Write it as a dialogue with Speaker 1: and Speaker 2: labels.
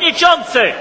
Speaker 1: przewodniczący!